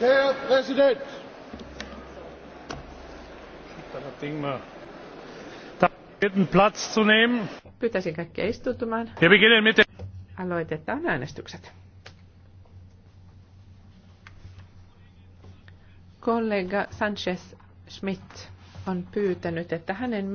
Herr Präsident! Pyytäisin kaikkia istuutumaan. Aloitetaan äänestykset. Kollega Sanchez Schmidt on pyytänyt, että hänen